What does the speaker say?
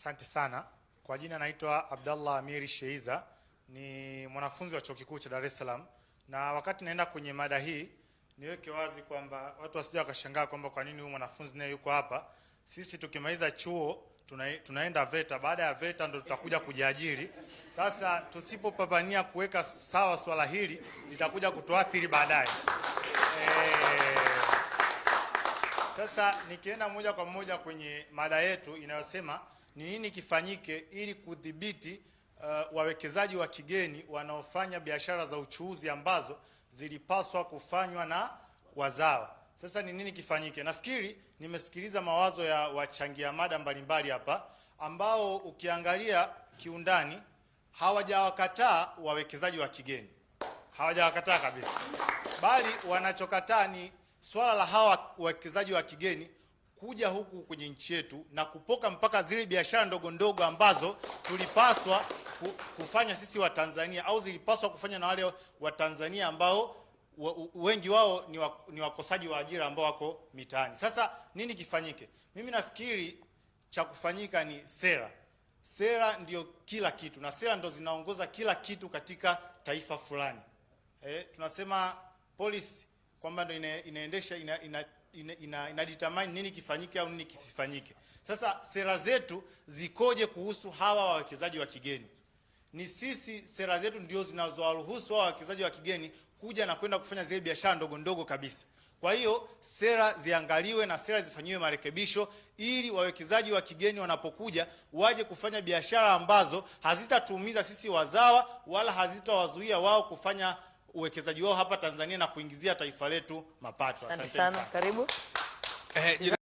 Asante sana. Kwa jina naitwa Abdallah Amiri Sheiza, ni mwanafunzi wa chuo kikuu cha Dar es Salaam, na wakati naenda kwenye mada hii niweke wazi kwamba watu wasije wakashangaa kwamba kwa nini huyu mwanafunzi naye yuko hapa. Sisi tukimaliza chuo tuna, tunaenda VETA, baada ya VETA ndo tutakuja kujiajiri. Sasa tusipopambania kuweka sawa swala hili litakuja kutuathiri baadaye. Sasa nikienda moja kwa moja kwenye mada yetu inayosema ni nini kifanyike ili kudhibiti uh, wawekezaji wa kigeni wanaofanya biashara za uchuuzi ambazo zilipaswa kufanywa na wazawa. Sasa ni nini kifanyike? Nafikiri nimesikiliza mawazo ya wachangia mada mbalimbali hapa ambao ukiangalia kiundani hawajawakataa wawekezaji wa kigeni, hawajawakataa kabisa, bali wanachokataa ni swala la hawa wawekezaji wa kigeni kuja huku kwenye nchi yetu na kupoka mpaka zile biashara ndogo ndogo ambazo tulipaswa kufanya sisi Watanzania au zilipaswa kufanya na wale Watanzania ambao wengi wao ni wakosaji wa ajira ambao wako mitaani. Sasa nini kifanyike? Mimi nafikiri cha kufanyika ni sera. Sera ndio kila kitu, na sera ndio zinaongoza kila kitu katika taifa fulani. Eh, tunasema polisi kwamba ndio inaendesha ina, ina ina, ina, ina nini kifanyike au nini kisifanyike. Sasa sera zetu zikoje kuhusu hawa wawekezaji wa kigeni? Ni sisi sera zetu ndio zinazowaruhusu hawa wawekezaji wa kigeni kuja na kwenda kufanya zile biashara ndogo ndogo kabisa. Kwa hiyo sera ziangaliwe na sera zifanyiwe marekebisho ili wawekezaji wa kigeni wanapokuja waje kufanya biashara ambazo hazitatuumiza sisi wazawa wala hazitawazuia wao kufanya uwekezaji wao hapa Tanzania na kuingizia taifa letu mapato. Asante sana. Karibu. Eh,